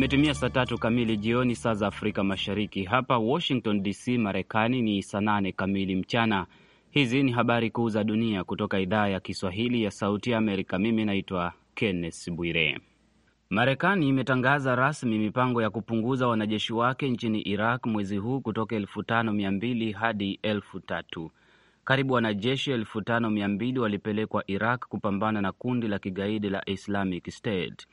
Imetumia saa tatu kamili jioni saa za Afrika Mashariki. Hapa Washington DC, Marekani ni saa nane kamili mchana. Hizi ni habari kuu za dunia kutoka idhaa ya Kiswahili ya Sauti ya Amerika. Mimi naitwa Kenneth Bwire. Marekani imetangaza rasmi mipango ya kupunguza wanajeshi wake nchini Iraq mwezi huu kutoka elfu tano mia mbili hadi elfu tatu. Karibu wanajeshi elfu tano mia mbili walipelekwa Iraq kupambana na kundi la kigaidi la Islamic State.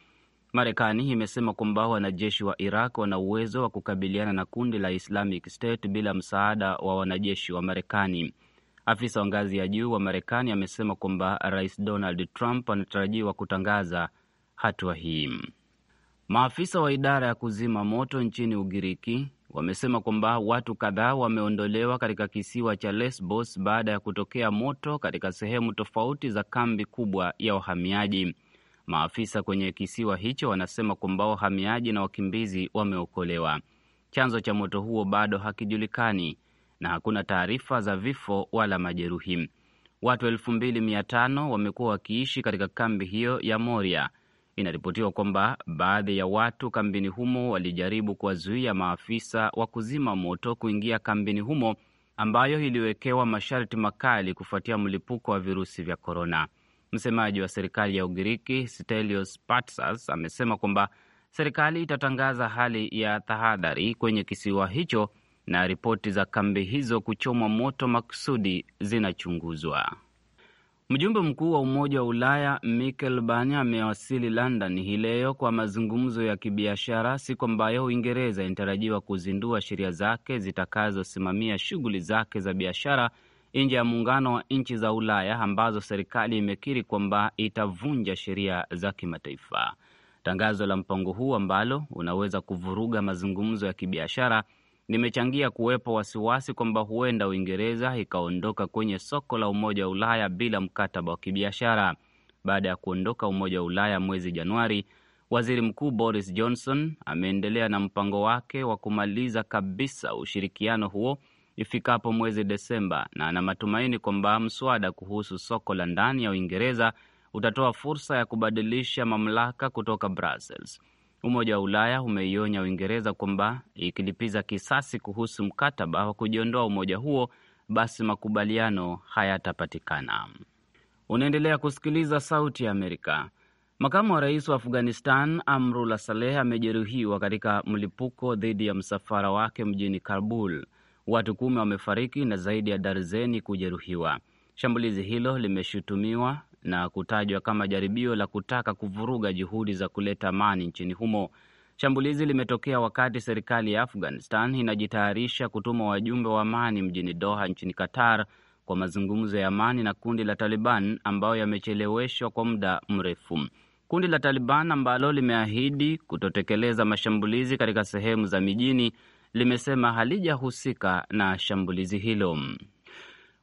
Marekani imesema kwamba wanajeshi wa Iraq wana uwezo wa kukabiliana na kundi la Islamic State bila msaada wa wanajeshi wa Marekani. Afisa wa ngazi ya juu wa Marekani amesema kwamba Rais Donald Trump anatarajiwa kutangaza hatua hii. Maafisa wa idara ya kuzima moto nchini Ugiriki wamesema kwamba watu kadhaa wameondolewa katika kisiwa cha Lesbos baada ya kutokea moto katika sehemu tofauti za kambi kubwa ya wahamiaji. Maafisa kwenye kisiwa hicho wanasema kwamba wahamiaji na wakimbizi wameokolewa. Chanzo cha moto huo bado hakijulikani na hakuna taarifa za vifo wala majeruhi. Watu elfu mbili mia tano wamekuwa wakiishi katika kambi hiyo ya Moria. Inaripotiwa kwamba baadhi ya watu kambini humo walijaribu kuwazuia maafisa wa kuzima moto kuingia kambini humo ambayo iliwekewa masharti makali kufuatia mlipuko wa virusi vya korona. Msemaji wa serikali ya Ugiriki Stelios Patsas amesema kwamba serikali itatangaza hali ya tahadhari kwenye kisiwa hicho na ripoti za kambi hizo kuchomwa moto makusudi zinachunguzwa. Mjumbe mkuu wa Umoja wa Ulaya Michel Barnier amewasili London hii leo kwa mazungumzo ya kibiashara, siku ambayo Uingereza inatarajiwa kuzindua sheria zake zitakazosimamia shughuli zake za biashara nje ya muungano wa nchi za Ulaya ambazo serikali imekiri kwamba itavunja sheria za kimataifa. Tangazo la mpango huu ambalo unaweza kuvuruga mazungumzo ya kibiashara limechangia kuwepo wasiwasi kwamba huenda Uingereza ikaondoka kwenye soko la Umoja wa Ulaya bila mkataba wa kibiashara. Baada ya kuondoka Umoja wa Ulaya mwezi Januari, Waziri Mkuu Boris Johnson ameendelea na mpango wake wa kumaliza kabisa ushirikiano huo ifikapo mwezi Desemba, na ana matumaini kwamba mswada kuhusu soko la ndani ya Uingereza utatoa fursa ya kubadilisha mamlaka kutoka Brussels. Umoja wa Ulaya umeionya Uingereza kwamba ikilipiza kisasi kuhusu mkataba wa kujiondoa umoja huo, basi makubaliano hayatapatikana. Unaendelea kusikiliza Sauti ya Amerika. Makamu wa rais wa Afghanistan Amrullah Saleh amejeruhiwa katika mlipuko dhidi ya msafara wake mjini Kabul watu kumi wamefariki na zaidi ya darzeni kujeruhiwa. Shambulizi hilo limeshutumiwa na kutajwa kama jaribio la kutaka kuvuruga juhudi za kuleta amani nchini humo. Shambulizi limetokea wakati serikali ya Afghanistan inajitayarisha kutuma wajumbe wa amani mjini Doha nchini Qatar kwa mazungumzo ya amani na kundi la Taliban ambayo yamecheleweshwa kwa muda mrefu. Kundi la Taliban ambalo limeahidi kutotekeleza mashambulizi katika sehemu za mijini limesema halijahusika na shambulizi hilo.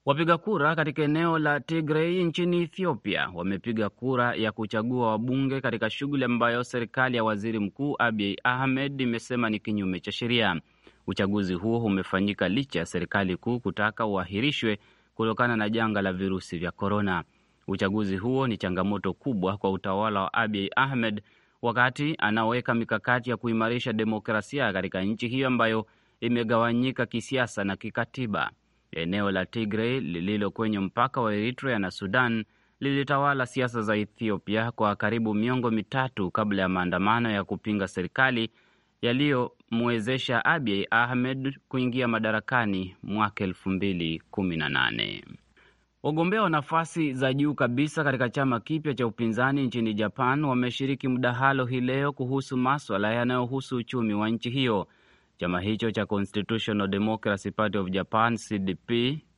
Wapiga kura katika eneo la Tigrei nchini Ethiopia wamepiga kura ya kuchagua wabunge katika shughuli ambayo serikali ya waziri mkuu Abiy Ahmed imesema ni kinyume cha sheria. Uchaguzi huo umefanyika licha ya serikali kuu kutaka uahirishwe kutokana na janga la virusi vya korona. Uchaguzi huo ni changamoto kubwa kwa utawala wa Abiy Ahmed wakati anaoweka mikakati ya kuimarisha demokrasia katika nchi hiyo ambayo imegawanyika kisiasa na kikatiba. Eneo la Tigray lililo kwenye mpaka wa Eritrea na Sudan lilitawala siasa za Ethiopia kwa karibu miongo mitatu kabla ya maandamano ya kupinga serikali yaliyomwezesha Abiy Ahmed kuingia madarakani mwaka 2018. Wagombea wa nafasi za juu kabisa katika chama kipya cha upinzani nchini Japan wameshiriki mdahalo hii leo kuhusu maswala yanayohusu uchumi wa nchi hiyo. Chama hicho cha Constitutional Democracy Party of Japan CDP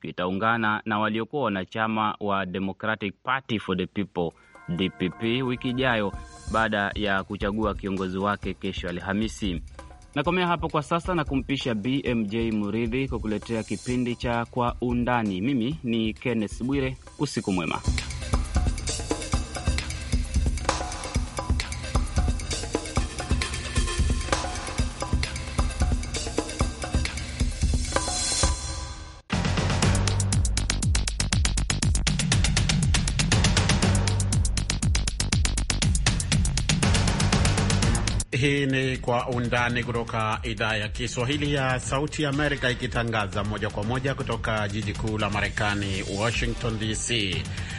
kitaungana na waliokuwa wanachama wa Democratic Party for the People DPP wiki ijayo baada ya kuchagua kiongozi wake kesho Alhamisi. Nakomea hapo kwa sasa na kumpisha BMJ Muridhi kwa kuletea kipindi cha Kwa Undani. Mimi ni Kenneth Bwire, usiku mwema. Undani kutoka idhaa ya Kiswahili ya Sauti Amerika, ikitangaza moja kwa moja kutoka jiji kuu la Marekani, Washington DC.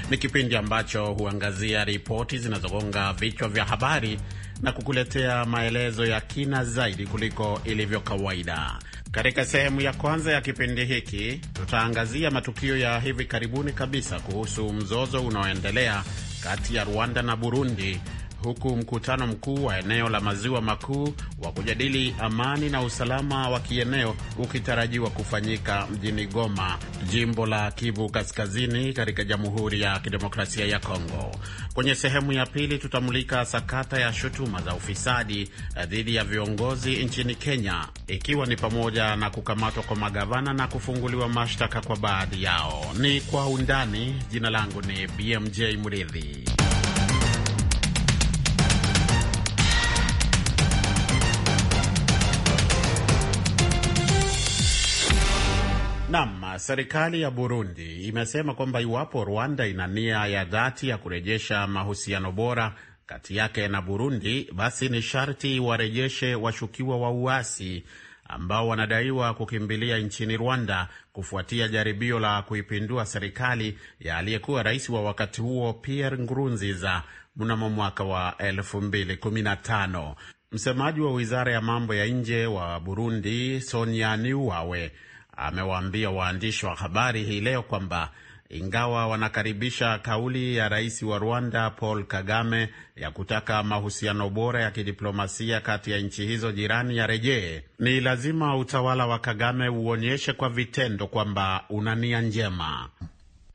Ni kipindi ambacho huangazia ripoti zinazogonga vichwa vya habari na kukuletea maelezo ya kina zaidi kuliko ilivyo kawaida. Katika sehemu ya kwanza ya kipindi hiki, tutaangazia matukio ya hivi karibuni kabisa kuhusu mzozo unaoendelea kati ya Rwanda na Burundi huku mkutano mkuu wa eneo la maziwa makuu wa kujadili amani na usalama wa kieneo ukitarajiwa kufanyika mjini Goma, jimbo la Kivu Kaskazini, katika Jamhuri ya Kidemokrasia ya Kongo. Kwenye sehemu ya pili tutamulika sakata ya shutuma za ufisadi eh, dhidi ya viongozi nchini Kenya, ikiwa ni pamoja na kukamatwa kwa magavana na kufunguliwa mashtaka kwa baadhi yao. Ni kwa undani. Jina langu ni BMJ Mridhi. Naam, serikali ya Burundi imesema kwamba iwapo Rwanda ina nia ya dhati ya kurejesha mahusiano bora kati yake na Burundi, basi ni sharti warejeshe washukiwa wa uasi ambao wanadaiwa kukimbilia nchini Rwanda kufuatia jaribio la kuipindua serikali ya aliyekuwa rais wa wakati huo Pierre Nkurunziza mnamo mwaka wa 2015. Msemaji wa wizara ya mambo ya nje wa Burundi Sonia Niuawe amewaambia waandishi wa habari hii leo kwamba ingawa wanakaribisha kauli ya rais wa Rwanda Paul Kagame ya kutaka mahusiano bora ya kidiplomasia kati ya nchi hizo jirani yarejee, ni lazima utawala wa Kagame uonyeshe kwa vitendo kwamba una nia njema.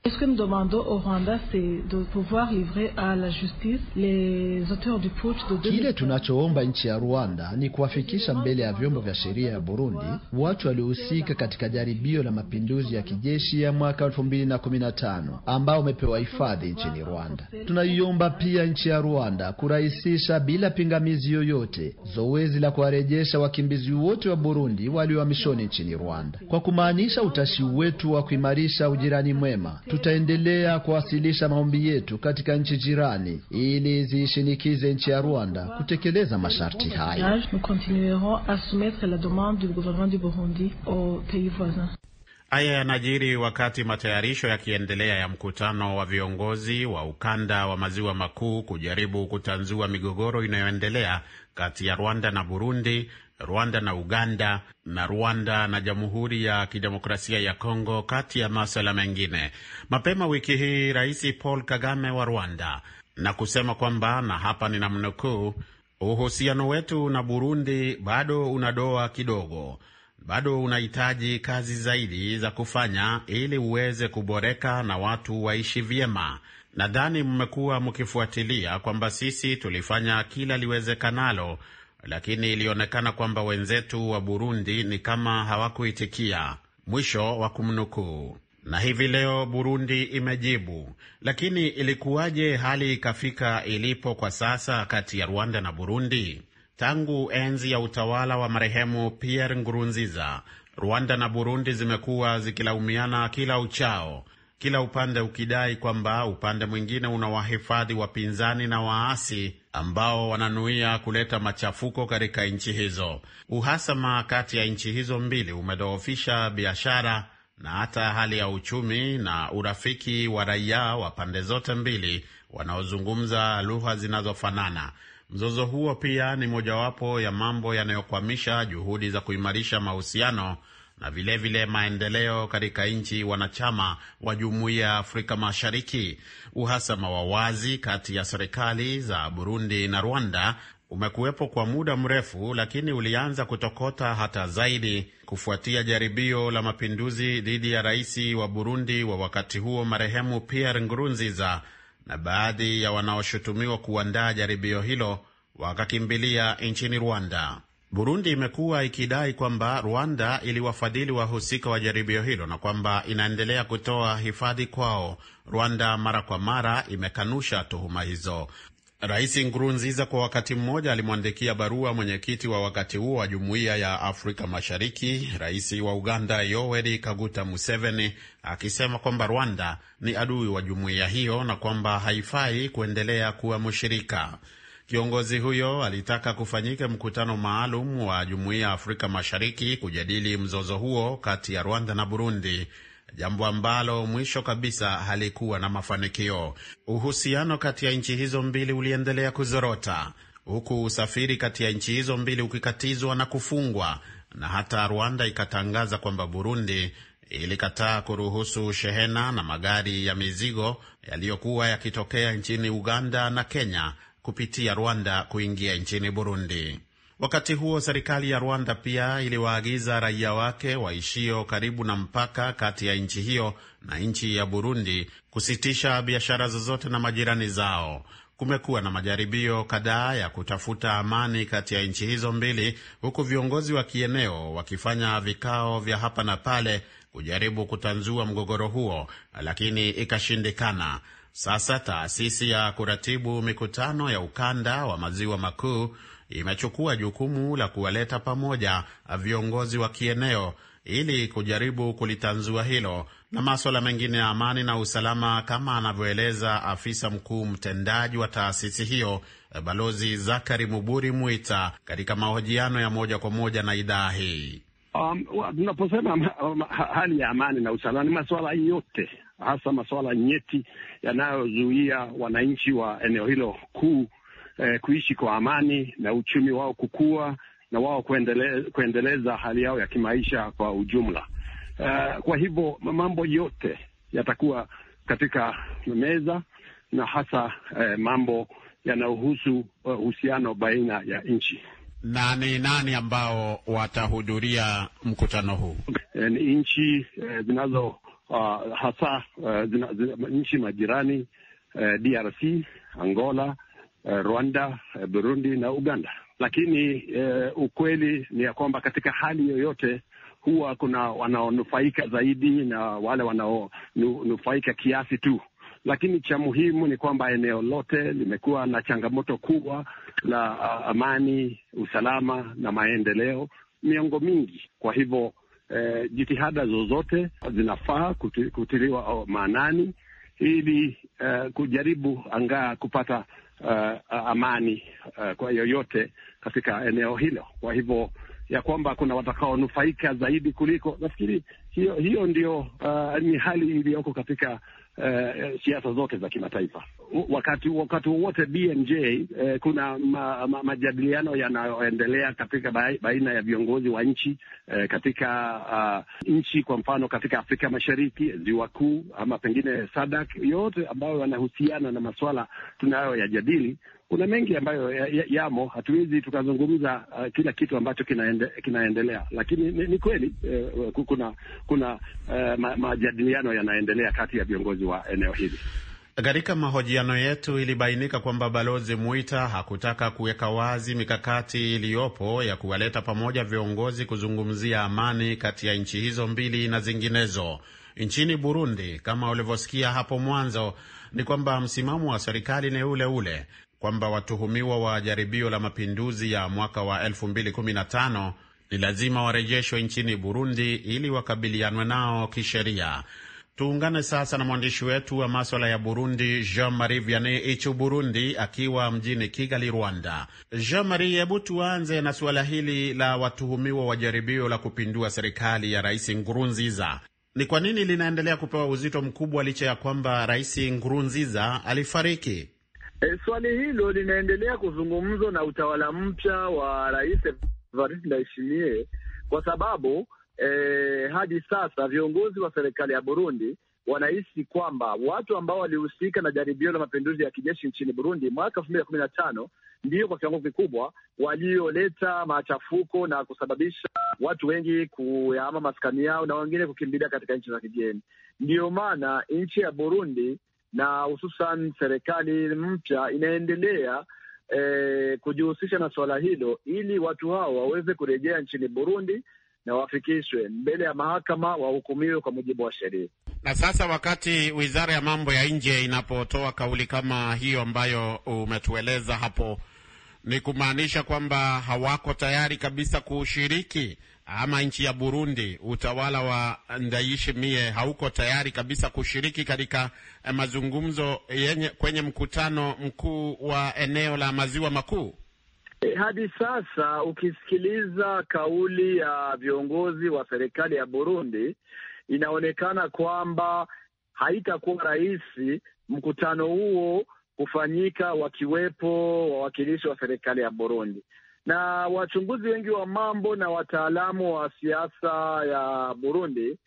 Ce que nous demandons au Rwanda c'est de pouvoir livrer à la justice les auteurs du putsch de 2000. Kile tunachoomba nchi ya Rwanda ni kuwafikisha mbele ya vyombo vya sheria ya Burundi watu waliohusika katika jaribio la mapinduzi ya kijeshi ya mwaka 2015 ambao wamepewa hifadhi nchini Rwanda. Tunaiomba pia nchi ya Rwanda kurahisisha bila pingamizi yoyote zoezi la kuwarejesha wakimbizi wote wa Burundi waliohamishoni nchini Rwanda, kwa kumaanisha utashi wetu wa kuimarisha ujirani mwema. Tutaendelea kuwasilisha maombi yetu katika nchi jirani ili ziishinikize nchi ya Rwanda kutekeleza masharti hayo. Haya yanajiri wakati matayarisho yakiendelea ya mkutano wa viongozi wa ukanda wa maziwa makuu kujaribu kutanzua migogoro inayoendelea kati ya Rwanda na Burundi Rwanda na Uganda na Rwanda na Jamhuri ya Kidemokrasia ya Kongo kati ya maswala mengine. Mapema wiki hii Rais Paul Kagame wa Rwanda na kusema kwamba, na hapa ninamnukuu, uhusiano wetu na Burundi bado una doa kidogo, bado unahitaji kazi zaidi za kufanya ili uweze kuboreka na watu waishi vyema. Nadhani mmekuwa mkifuatilia kwamba sisi tulifanya kila liwezekanalo lakini ilionekana kwamba wenzetu wa Burundi ni kama hawakuitikia. Mwisho wa kumnukuu. Na hivi leo Burundi imejibu, lakini ilikuwaje hali ikafika ilipo kwa sasa kati ya Rwanda na Burundi? Tangu enzi ya utawala wa marehemu Pierre ngurunziza Rwanda na Burundi zimekuwa zikilaumiana kila uchao, kila upande ukidai kwamba upande mwingine unawahifadhi wapinzani na waasi ambao wananuia kuleta machafuko katika nchi hizo. Uhasama kati ya nchi hizo mbili umedhoofisha biashara na hata hali ya uchumi na urafiki wa raia wa pande zote mbili wanaozungumza lugha zinazofanana. Mzozo huo pia ni mojawapo ya mambo yanayokwamisha juhudi za kuimarisha mahusiano na vilevile vile maendeleo katika nchi wanachama wa Jumuiya ya Afrika Mashariki. Uhasama wa wazi kati ya serikali za Burundi na Rwanda umekuwepo kwa muda mrefu, lakini ulianza kutokota hata zaidi kufuatia jaribio la mapinduzi dhidi ya rais wa Burundi wa wakati huo marehemu Pierre Nkurunziza, na baadhi ya wanaoshutumiwa kuandaa jaribio hilo wakakimbilia nchini Rwanda. Burundi imekuwa ikidai kwamba Rwanda iliwafadhili wahusika wa jaribio hilo na kwamba inaendelea kutoa hifadhi kwao. Rwanda mara kwa mara imekanusha tuhuma hizo. Rais Nkurunziza kwa wakati mmoja alimwandikia barua mwenyekiti wa wakati huo wa Jumuiya ya Afrika Mashariki, rais wa Uganda Yoweri Kaguta Museveni, akisema kwamba Rwanda ni adui wa jumuiya hiyo na kwamba haifai kuendelea kuwa mshirika. Kiongozi huyo alitaka kufanyike mkutano maalum wa Jumuiya ya Afrika Mashariki kujadili mzozo huo kati ya Rwanda na Burundi, jambo ambalo mwisho kabisa halikuwa na mafanikio. Uhusiano kati ya nchi hizo mbili uliendelea kuzorota huku usafiri kati ya nchi hizo mbili ukikatizwa na kufungwa, na hata Rwanda ikatangaza kwamba Burundi ilikataa kuruhusu shehena na magari ya mizigo yaliyokuwa yakitokea nchini Uganda na Kenya kupitia Rwanda kuingia nchini Burundi. Wakati huo serikali ya Rwanda pia iliwaagiza raia wake waishio karibu na mpaka kati ya nchi hiyo na nchi ya Burundi kusitisha biashara zozote na majirani zao. Kumekuwa na majaribio kadhaa ya kutafuta amani kati ya nchi hizo mbili, huku viongozi wa kieneo wakifanya vikao vya hapa na pale kujaribu kutanzua mgogoro huo, lakini ikashindikana. Sasa taasisi ya kuratibu mikutano ya ukanda wa maziwa makuu imechukua jukumu la kuwaleta pamoja viongozi wa kieneo ili kujaribu kulitanzua hilo na maswala mengine ya amani na usalama, kama anavyoeleza afisa mkuu mtendaji wa taasisi hiyo Balozi Zakari Muburi Mwita katika mahojiano ya moja kwa moja na idhaa hii. Um, tunaposema um, hali ya amani na usalama ni masuala yote hasa masuala nyeti yanayozuia wananchi wa eneo hilo kuu eh, kuishi kwa amani na uchumi wao kukua na wao kuendele, kuendeleza hali yao ya kimaisha kwa ujumla. Uh, kwa hivyo mambo yote yatakuwa katika meza na hasa eh, mambo yanayohusu eh, uhusiano uh, baina ya nchi. Na ni nani ambao watahudhuria mkutano huu? Eh, ni nchi eh, zinazo uh, hasa uh, zina, zina, nchi majirani uh, DRC, Angola, uh, Rwanda, uh, Burundi na Uganda. Lakini uh, ukweli ni ya kwamba katika hali yoyote huwa kuna wanaonufaika zaidi na wale wanaonufaika kiasi tu, lakini cha muhimu ni kwamba eneo lote limekuwa na changamoto kubwa la uh, amani, usalama na maendeleo miongo mingi. Kwa hivyo eh, jitihada zozote zinafaa kuti, kutiliwa oh, maanani ili eh, kujaribu angaa kupata uh, amani uh, kwa yoyote katika eneo hilo. Kwa hivyo ya kwamba kuna watakaonufaika zaidi kuliko, nafikiri hiyo hiyo ndio uh, ni hali iliyoko katika eh, siasa zote za kimataifa. Wakati wakati wowote BMJ, eh, kuna ma, ma, majadiliano yanayoendelea katika baina ya viongozi wa nchi eh, katika uh, nchi kwa mfano katika Afrika Mashariki, ziwa kuu ama pengine Sadak, yote ambayo yanahusiana na masuala tunayoyajadili kuna mengi ambayo yamo ya, ya hatuwezi tukazungumza uh, kila kitu ambacho kinaende, kinaendelea, lakini ni, ni kweli eh, kuna kuna eh, ma, majadiliano yanaendelea kati ya viongozi wa eneo hili. Katika mahojiano yetu ilibainika kwamba Balozi Mwita hakutaka kuweka wazi mikakati iliyopo ya kuwaleta pamoja viongozi kuzungumzia amani kati ya nchi hizo mbili na zinginezo. Nchini Burundi, kama ulivyosikia hapo mwanzo, ni kwamba msimamo wa serikali ni ule ule kwamba watuhumiwa wa jaribio la mapinduzi ya mwaka wa 2015 ni lazima warejeshwe nchini Burundi ili wakabilianwe nao kisheria. Tuungane sasa na mwandishi wetu wa maswala ya Burundi, Jean Marie Vianney Ichu Burundi, akiwa mjini Kigali, Rwanda. Jean Marie, hebu tuanze na suala hili la watuhumiwa wa jaribio la kupindua serikali ya Rais ngurunziza Ni kwa nini linaendelea kupewa uzito mkubwa licha ya kwamba Rais ngurunziza alifariki? E, swali hilo linaendelea kuzungumzwa na utawala mpya wa Rais Evariste Ndayishimiye kwa sababu e, hadi sasa viongozi wa serikali ya Burundi wanahisi kwamba watu ambao walihusika na jaribio la mapinduzi ya kijeshi nchini Burundi mwaka elfu mbili kumi na tano ndio kwa kiwango kikubwa walioleta machafuko na kusababisha watu wengi kuyahama maskani yao na wengine kukimbilia katika nchi za kigeni. Ndiyo maana nchi ya Burundi na hususan serikali mpya inaendelea eh, kujihusisha na suala hilo ili watu hao waweze kurejea nchini Burundi na wafikishwe mbele ya mahakama wahukumiwe kwa mujibu wa sheria. Na sasa wakati wizara ya mambo ya nje inapotoa kauli kama hiyo ambayo umetueleza hapo ni kumaanisha kwamba hawako tayari kabisa kushiriki ama nchi ya Burundi, utawala wa Ndayishimiye hauko tayari kabisa kushiriki katika eh, mazungumzo yenye, kwenye mkutano mkuu wa eneo la maziwa makuu. E, hadi sasa ukisikiliza kauli ya viongozi wa serikali ya Burundi inaonekana kwamba haitakuwa rahisi mkutano huo kufanyika wakiwepo wawakilishi wa serikali ya Burundi na wachunguzi wengi wa mambo na wataalamu wa siasa ya Burundi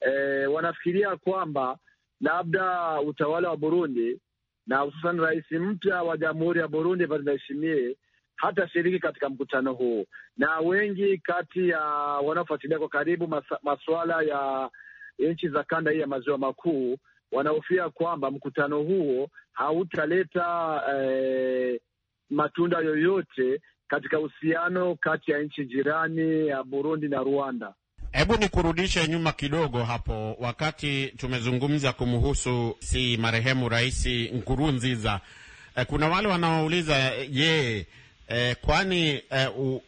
e, wanafikiria kwamba labda utawala wa Burundi na hususan rais mpya wa jamhuri ya Burundi Evariste Ndayishimiye hatashiriki katika mkutano huu, na wengi kati ya wanaofuatilia kwa karibu masuala ya nchi za kanda hii ya maziwa makuu wanahofia kwamba mkutano huo hautaleta eh, matunda yoyote katika uhusiano kati ya nchi jirani ya Burundi na Rwanda. Hebu nikurudishe nyuma kidogo hapo, wakati tumezungumza kumhusu si marehemu Rais Nkurunziza. Eh, kuna wale wanaouliza je, eh, kwani eh, u,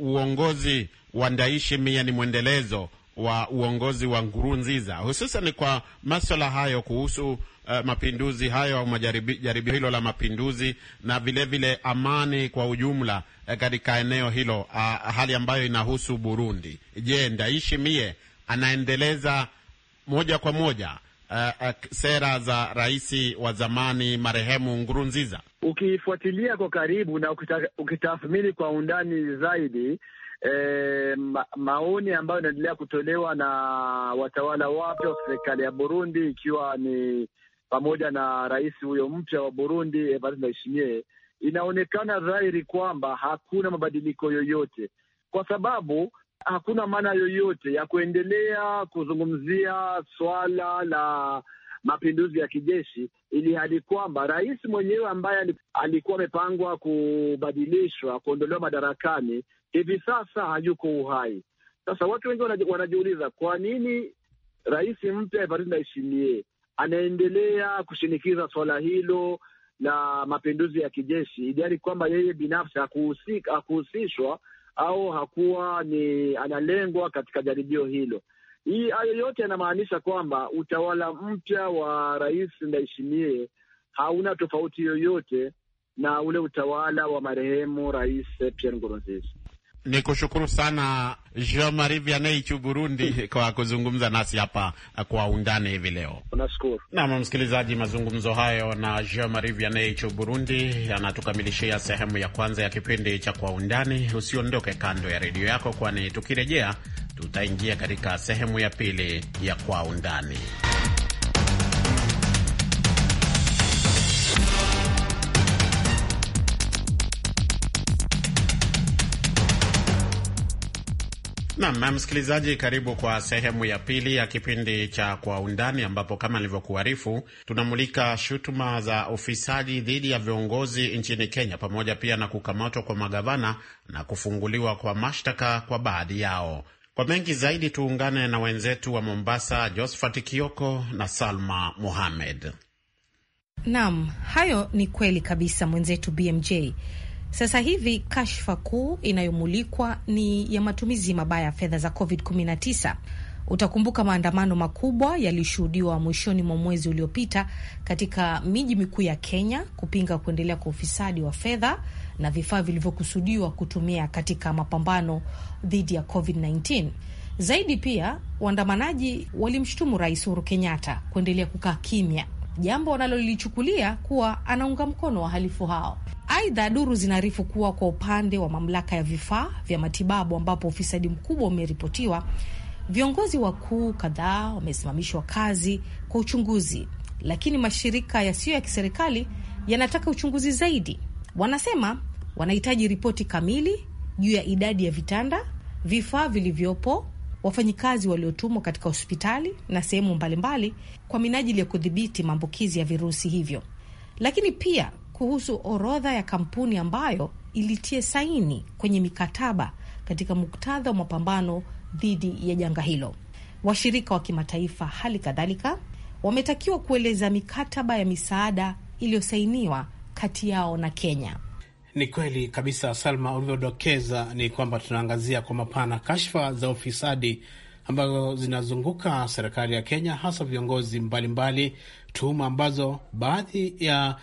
uongozi wa Ndayishimiye ni mwendelezo wa uongozi wa Nkurunziza, hususan kwa maswala hayo kuhusu uh, mapinduzi hayo au majaribio hilo la mapinduzi na vilevile vile amani kwa ujumla uh, katika eneo hilo uh, hali ambayo inahusu Burundi. Je, ndaishi mie anaendeleza moja kwa moja uh, uh, sera za rais wa zamani marehemu Nkurunziza? ukifuatilia kwa karibu na ukitathmini kwa undani zaidi e, ma, maoni ambayo inaendelea kutolewa na watawala wapya wa serikali ya Burundi, ikiwa ni pamoja na rais huyo mpya wa Burundi Evariste Ndayishimiye, inaonekana dhahiri kwamba hakuna mabadiliko yoyote, kwa sababu hakuna maana yoyote ya kuendelea kuzungumzia swala la mapinduzi ya kijeshi ili hali kwamba rais mwenyewe ambaye alikuwa amepangwa kubadilishwa kuondolewa madarakani hivi sasa hayuko uhai. Sasa watu wengi wanajiuliza kwa nini rais mpya Evariste Ndayishimiye anaendelea kushinikiza swala hilo la mapinduzi ya kijeshi, idari kwamba yeye binafsi hakuhusishwa au hakuwa ni analengwa katika jaribio hilo. Hii hayo yote yanamaanisha kwamba utawala mpya wa rais Ndayishimiye hauna tofauti yoyote na ule utawala wa marehemu rais Pierre Nkurunziza. Ni kushukuru sana Jean Marie Vianney chu Burundi kwa kuzungumza nasi hapa kwa undani hivi leo. nam msikilizaji, mazungumzo hayo na Jean Marie Vianney chu Burundi yanatukamilishia sehemu ya kwanza ya kipindi cha kwa undani. Usiondoke kando ya redio yako, kwani tukirejea tutaingia katika sehemu ya pili ya kwa undani. Nam msikilizaji, karibu kwa sehemu ya pili ya kipindi cha Kwa Undani, ambapo kama nilivyokuarifu, tunamulika shutuma za ufisadi dhidi ya viongozi nchini Kenya, pamoja pia na kukamatwa kwa magavana na kufunguliwa kwa mashtaka kwa baadhi yao. Kwa mengi zaidi, tuungane na wenzetu wa Mombasa, Josphat Kioko na Salma Mohamed. Nam, hayo ni kweli kabisa, mwenzetu BMJ. Sasa hivi kashfa kuu inayomulikwa ni ya matumizi mabaya ya fedha za COVID-19. Utakumbuka maandamano makubwa yalishuhudiwa mwishoni mwa mwezi uliopita katika miji mikuu ya Kenya kupinga kuendelea kwa ufisadi wa fedha na vifaa vilivyokusudiwa kutumia katika mapambano dhidi ya COVID-19. Zaidi pia waandamanaji walimshutumu Rais Uhuru Kenyatta kuendelea kukaa kimya jambo wanalolichukulia kuwa anaunga mkono wahalifu hao. Aidha, duru zinaarifu kuwa kwa upande wa mamlaka ya vifaa vya matibabu ambapo ufisadi mkubwa umeripotiwa, viongozi wakuu kadhaa wamesimamishwa kazi kwa uchunguzi, lakini mashirika yasiyo ya kiserikali yanataka uchunguzi zaidi. Wanasema wanahitaji ripoti kamili juu ya idadi ya vitanda, vifaa vilivyopo wafanyikazi waliotumwa katika hospitali na sehemu mbalimbali kwa minajili ya kudhibiti maambukizi ya virusi hivyo, lakini pia kuhusu orodha ya kampuni ambayo ilitia saini kwenye mikataba katika muktadha wa mapambano dhidi ya janga hilo. Washirika wa kimataifa hali kadhalika wametakiwa kueleza mikataba ya misaada iliyosainiwa kati yao na Kenya. Ni kweli kabisa Salma, ulivyodokeza ni kwamba tunaangazia kwa mapana kashfa za ufisadi ambazo zinazunguka serikali ya Kenya, hasa viongozi mbalimbali, tuhuma ambazo baadhi ya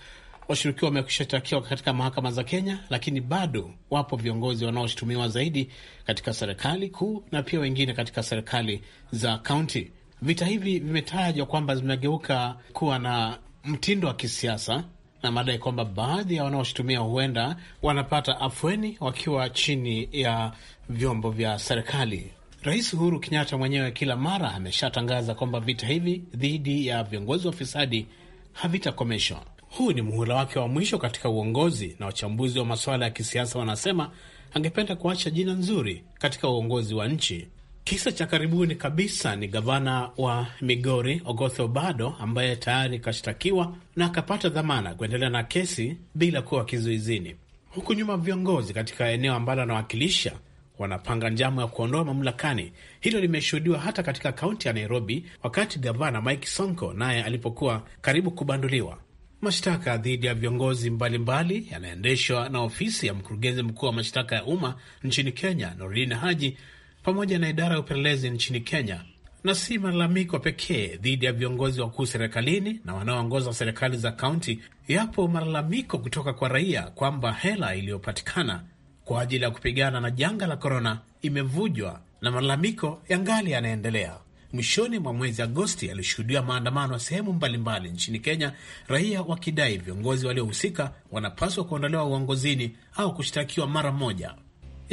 washurukiwa wamekushatakiwa katika mahakama za Kenya, lakini bado wapo viongozi wanaoshutumiwa zaidi katika serikali kuu na pia wengine katika serikali za kaunti. Vita hivi vimetajwa kwamba zimegeuka kuwa na mtindo wa kisiasa na madai kwamba baadhi ya wanaoshutumia huenda wanapata afweni wakiwa chini ya vyombo vya serikali. Rais Uhuru Kenyatta mwenyewe kila mara ameshatangaza kwamba vita hivi dhidi ya viongozi wa fisadi havitakomeshwa. Huu ni muhula wake wa mwisho katika uongozi, na wachambuzi wa masuala ya kisiasa wanasema angependa kuacha jina nzuri katika uongozi wa nchi Kisa cha karibuni kabisa ni gavana wa Migori Ogoth Obado ambaye tayari kashtakiwa na akapata dhamana kuendelea na kesi bila kuwa kizuizini. Huku nyuma viongozi katika eneo ambalo anawakilisha wanapanga njama ya kuondoa mamlakani. Hilo limeshuhudiwa hata katika kaunti ya Nairobi, wakati gavana Mike Sonko naye alipokuwa karibu kubanduliwa. Mashtaka dhidi ya viongozi mbalimbali yanaendeshwa na ofisi ya mkurugenzi mkuu wa mashtaka ya umma nchini Kenya, Noordin Haji, pamoja na idara ya upelelezi nchini Kenya, na si malalamiko pekee dhidi ya viongozi wakuu serikalini na wanaoongoza serikali za kaunti. Yapo malalamiko kutoka kwa raia kwamba hela iliyopatikana kwa ajili ya kupigana na janga la korona imevujwa, na malalamiko yangali yanaendelea. Mwishoni mwa mwezi Agosti alishuhudiwa maandamano ya sehemu mbalimbali nchini Kenya, raia wakidai viongozi waliohusika wanapaswa kuondolewa uongozini au kushtakiwa mara moja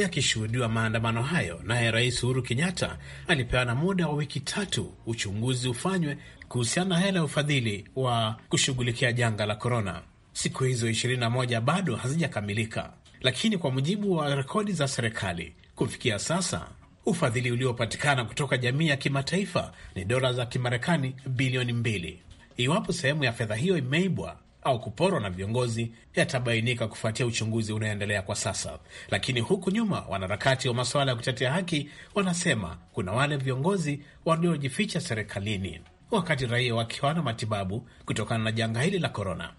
yakishuhudiwa maandamano hayo, naye Rais Uhuru Kenyatta alipeana muda wa wiki tatu uchunguzi ufanywe kuhusiana na hela ya ufadhili wa kushughulikia janga la korona. Siku hizo 21 bado hazijakamilika, lakini kwa mujibu wa rekodi za serikali kufikia sasa ufadhili uliopatikana kutoka jamii ya kimataifa ni dola za Kimarekani bilioni mbili. Iwapo sehemu ya fedha hiyo imeibwa, au kuporwa na viongozi yatabainika kufuatia uchunguzi unaoendelea kwa sasa. Lakini huku nyuma, wanaharakati wa masuala ya kutetea haki wanasema kuna wale viongozi waliojificha serikalini, wakati raia wakiwa na matibabu kutokana na janga hili la korona.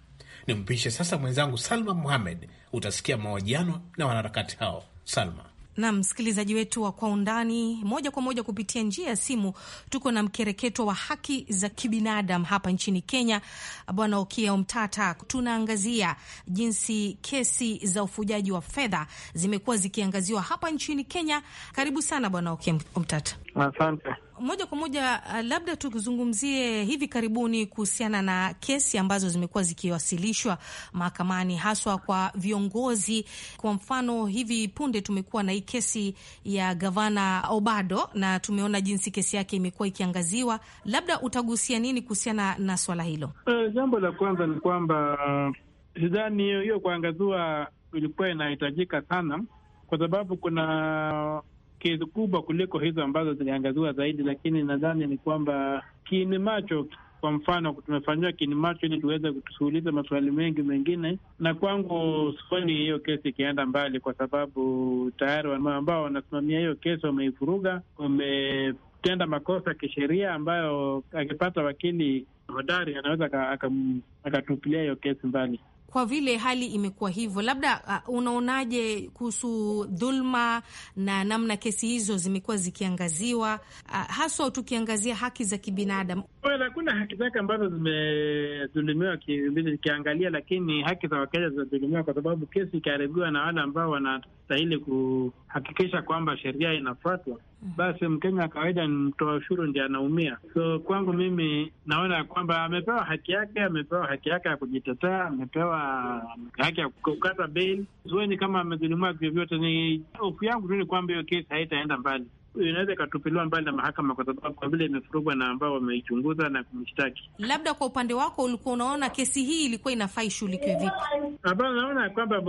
Nimpishe sasa mwenzangu Salma Muhamed, utasikia mahojiano na wanaharakati hao. Salma na msikilizaji wetu wa Kwa Undani moja kwa moja kupitia njia ya simu. Tuko na mkereketo wa haki za kibinadamu hapa nchini Kenya, Bwana okia Omtata. Tunaangazia jinsi kesi za ufujaji wa fedha zimekuwa zikiangaziwa hapa nchini Kenya. Karibu sana Bwana okia Omtata. Asante moja kwa moja, uh, labda tuzungumzie hivi karibuni kuhusiana na kesi ambazo zimekuwa zikiwasilishwa mahakamani haswa kwa viongozi. Kwa mfano, hivi punde tumekuwa na hii kesi ya gavana Obado na tumeona jinsi kesi yake imekuwa ikiangaziwa. Labda utagusia nini kuhusiana na swala hilo? Uh, jambo la kwanza ni kwamba uh, sidhani hiyo kuangaziwa ilikuwa inahitajika sana, kwa sababu kuna kesi kubwa kuliko hizo ambazo ziliangaziwa zaidi, lakini nadhani ni kwamba kiini macho kwa mfano tumefanyiwa kini macho ili tuweze kutusughuliza maswali mengi mengine, na kwangu sioni hiyo kesi ikienda mbali, kwa sababu tayari ambao wanasimamia hiyo kesi wameivuruga, wametenda makosa kisheria ambayo akipata wakili hodari anaweza akatupilia hiyo kesi mbali kwa vile hali imekuwa hivyo, labda uh, unaonaje kuhusu dhulma na namna kesi hizo zimekuwa zikiangaziwa, uh, haswa tukiangazia haki za kibinadamu? hakuna haki zake ambazo zimedhulumiwa zikiangalia, lakini haki za Wakenya zinadhulumiwa kwa sababu kesi ikiharibiwa na wale ambao wanastahili kuhakikisha kwamba sheria inafuatwa basi Mkenya kawaida ni mtoa ushuru ndi anaumia. So kwangu mimi naona kwamba amepewa haki yake, amepewa haki yake ya kujitetea, amepewa haki ya kukata bail. Zueni kama amedhulumiwa vyovyote. Ni hofu yangu tu ni kwamba hiyo kesi haitaenda mbali inaweza ikatupiliwa mbali na mahakama kwa sababu kwa vile imefurugwa na ambao wameichunguza na kumshtaki. Labda kwa upande wako ulikuwa unaona kesi hii ilikuwa inafaa ishughulikiwe vipi? Hapana, naona kwamba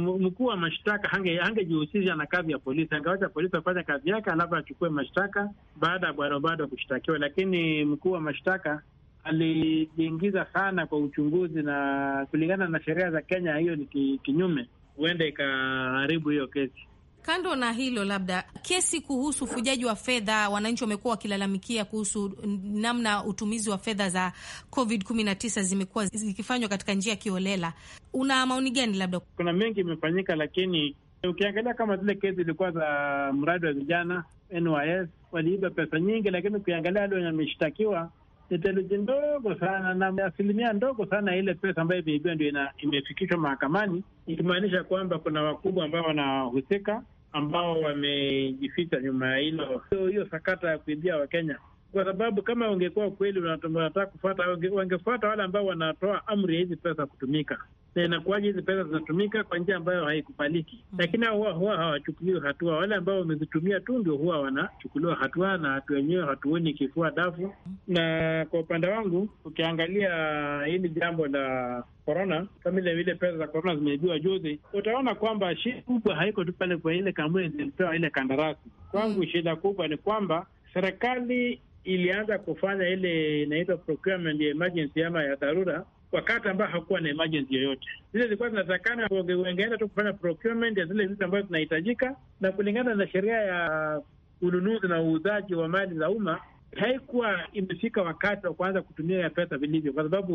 mkuu wa mashtaka angejihusisha na kazi ya polisi, angewacha polisi wafanya kazi yake, alafu achukue mashtaka baada ya bwana bado kushtakiwa. Lakini mkuu wa mashtaka alijiingiza sana kwa uchunguzi, na kulingana na sheria za Kenya hiyo ni kinyume, huenda ikaharibu hiyo kesi kando na hilo, labda kesi kuhusu ufujaji wa fedha, wananchi wamekuwa wakilalamikia kuhusu namna utumizi wa fedha za Covid 19 zimekuwa zikifanywa katika njia ya kiolela. Una maoni gani? Labda kuna mengi imefanyika, lakini ukiangalia kama zile kesi zilikuwa za mradi wa vijana NYS, waliiba pesa nyingi, lakini ukiangalia wale wenye wameshtakiwa ni theluthi ndogo sana na asilimia ndogo sana ile pesa ambayo imeibiwa ndio imefikishwa mahakamani, ikimaanisha kwamba kuna wakubwa ambao wanahusika ambao wamejificha nyuma ya hilo hiyo sakata ya kuibia Wakenya, kwa sababu kama wangekuwa kweli wanataka kufuata, wangefuata wale ambao wanatoa amri ya hizi pesa kutumika. Eh, na inakuwaje hizi pesa zinatumika kwa njia ambayo haikubaliki. Mm. Lakini hao huwa huwa hawachukuliwi hatua, wale ambao wamezitumia tu ndio huwa wanachukuliwa hatua, na hatu wenyewe hatuoni kifua dafu. Mm. Na kwa upande wangu, ukiangalia hili jambo la korona kama ile vile pesa za korona zimeibiwa juzi, utaona kwamba shida kubwa haiko tu pale kwa ile kampuni zilipewa ile kandarasi. Kwangu mm. shida kubwa ni kwamba serikali ilianza kufanya ile inaitwa procurement emergency ama ya dharura wakati ambayo hakuwa na emergency yoyote. Zile zilikuwa zinatakana wangeenda tu kufanya procurement ya zile vitu ambazo zinahitajika, na kulingana na sheria ya ununuzi na uuzaji wa mali za umma haikuwa imefika wakati wa kuanza kutumia pesa vilivyo, kwa sababu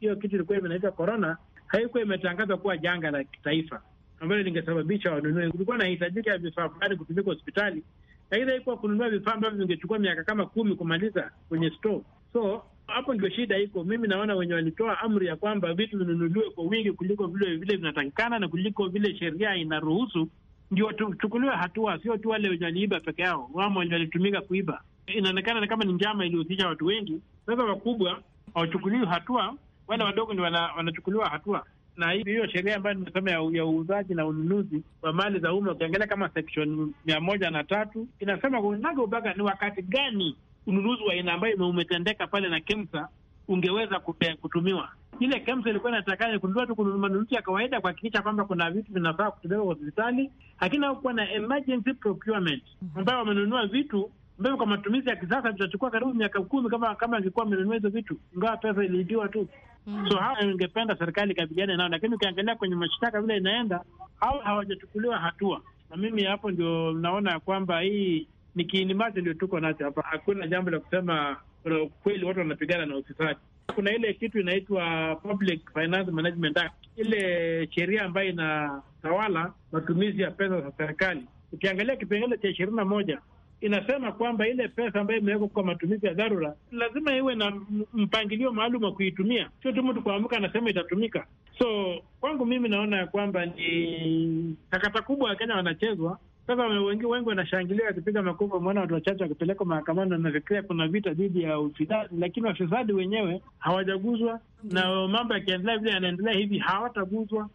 hiyo kitu ilikuwa inaitwa corona, haikuwa imetangazwa kuwa janga la kitaifa ambalo lingesababisha wanunue. Kulikuwa nahitajika ya vifaa fulani kutumika hospitali, lakini haikuwa kununua vifaa ambavyo vingechukua miaka kama kumi kumaliza kwenye store. So hapo ndio shida iko. Mimi naona wenye walitoa amri ya kwamba vitu vinunuliwe kwa wingi kuliko vile vile vinatakikana na kuliko vile sheria inaruhusu, ndio tuchukuliwe hatua, sio tu wale wenye waliiba peke yao, ama wenye walitumika kuiba. Inaonekana kama ni njama iliyohusisha watu wengi. Sasa wakubwa hawachukuliwi hatua, wale wadogo ndio wanachukuliwa hatua na hiyo sheria ambayo nimesema ya uuzaji na ununuzi wa mali za umma, ukiangalia kama section mia moja na tatu inasema unavyoubaga ni wakati gani ununuzi wa aina ambayo umetendeka pale na KEMSA ungeweza kutumiwa. Ile KEMSA ilikuwa inatakana kununua tu manunuzi ya kawaida, kuhakikisha kwamba kuna vitu vinafaa kutubeba hospitali, lakini hakukuwa na emergency procurement mhm. ambayo wamenunua vitu ambavyo kwa matumizi ya kisasa vitachukua karibu miaka kumi kama kama angekuwa amenunua hizo vitu, ingawa pesa iliibiwa tu. Mm. So hawa ingependa serikali ikabiliane nao, lakini ukiangalia kwenye mashtaka vile inaenda, hawa hawajachukuliwa hatua, na mimi hapo ndio naona ya kwamba hii ni kiinimacho ndio tuko nacho hapa. Hakuna jambo la kusema kuna ukweli, watu wanapigana na ufisadi. Kuna ile kitu inaitwa Public Finance Management Act, ile sheria ambayo inatawala matumizi ya pesa za serikali. Ukiangalia kipengele cha ishirini na moja inasema kwamba ile pesa ambayo imewekwa kwa matumizi ya dharura lazima iwe na mpangilio maalum wa kuitumia, sio tu mtu kuamka anasema itatumika. So kwangu mimi naona ya kwamba ni takata kubwa Wakenya wanachezwa sasa wengi wengi wanashangilia wakipiga makofi, wameona watu wachache wakipelekwa mahakamani, wanafikiria kuna vita dhidi ya ufisadi, lakini wafisadi wenyewe hawajaguzwa na mambo yakiendelea vile yanaendelea hivi hawataguzwa.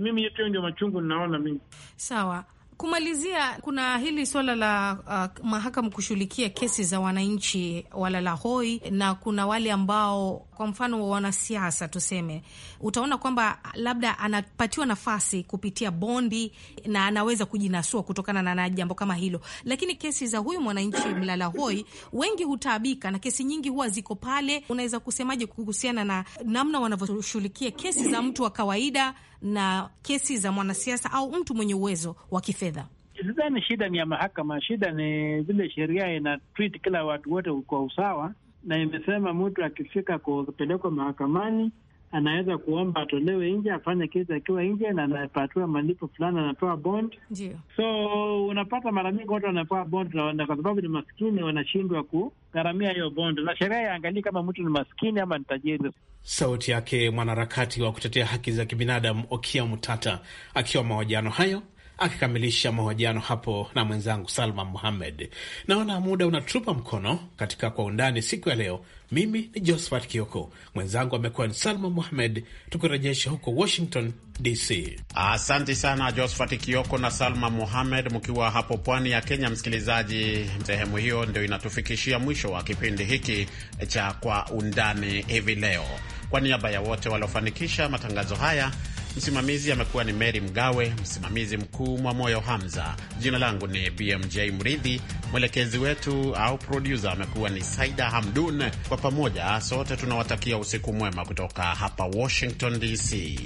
Mimi hiyo ndio machungu ninaona mimi. Sawa. Kumalizia, kuna hili swala la uh, mahakama kushughulikia kesi za wananchi walalahoi, na kuna wale ambao kwa mfano wanasiasa tuseme, utaona kwamba labda anapatiwa nafasi kupitia bondi na anaweza kujinasua kutokana na jambo kama hilo, lakini kesi za huyu mwananchi mlala hoi wengi hutaabika na kesi nyingi huwa ziko pale. Unaweza kusemaje kuhusiana na namna wanavyoshughulikia kesi za mtu wa kawaida na kesi za mwanasiasa au mtu mwenye uwezo wa kifedha? Sidhani shida ni ya mahakama, shida ni vile sheria ina treat kila watu wote kwa usawa, na imesema mtu akifika kupelekwa mahakamani anaweza kuomba atolewe nje, afanye kesi akiwa nje, na anapatiwa malipo fulani, anapewa bond. Ndiyo. So unapata mara nyingi watu wanapewa bond, na kwa sababu ni maskini wanashindwa kugharamia hiyo bond, na sheria yaangalii kama mtu ni maskini ama ni tajiri. Sauti yake mwanaharakati wa kutetea haki za kibinadamu Okia Mutata akiwa mahojiano hayo akikamilisha mahojiano hapo na mwenzangu Salma Muhammed. Naona muda unatupa mkono katika kwa undani siku ya leo. Mimi ni Josephat Kioko, mwenzangu amekuwa ni Salma Muhamed, tukirejesha huko Washington DC. Asante sana Josephat Kioko na Salma Muhamed mkiwa hapo pwani ya Kenya. Msikilizaji, sehemu hiyo ndio inatufikishia mwisho wa kipindi hiki cha Kwa Undani hivi leo. Kwa niaba ya wote waliofanikisha matangazo haya Msimamizi amekuwa ni Meri Mgawe, msimamizi mkuu mwa Moyo Hamza. Jina langu ni BMJ Mridhi, mwelekezi wetu au produsa amekuwa ni Saida Hamdun. Kwa pamoja sote tunawatakia usiku mwema kutoka hapa Washington DC.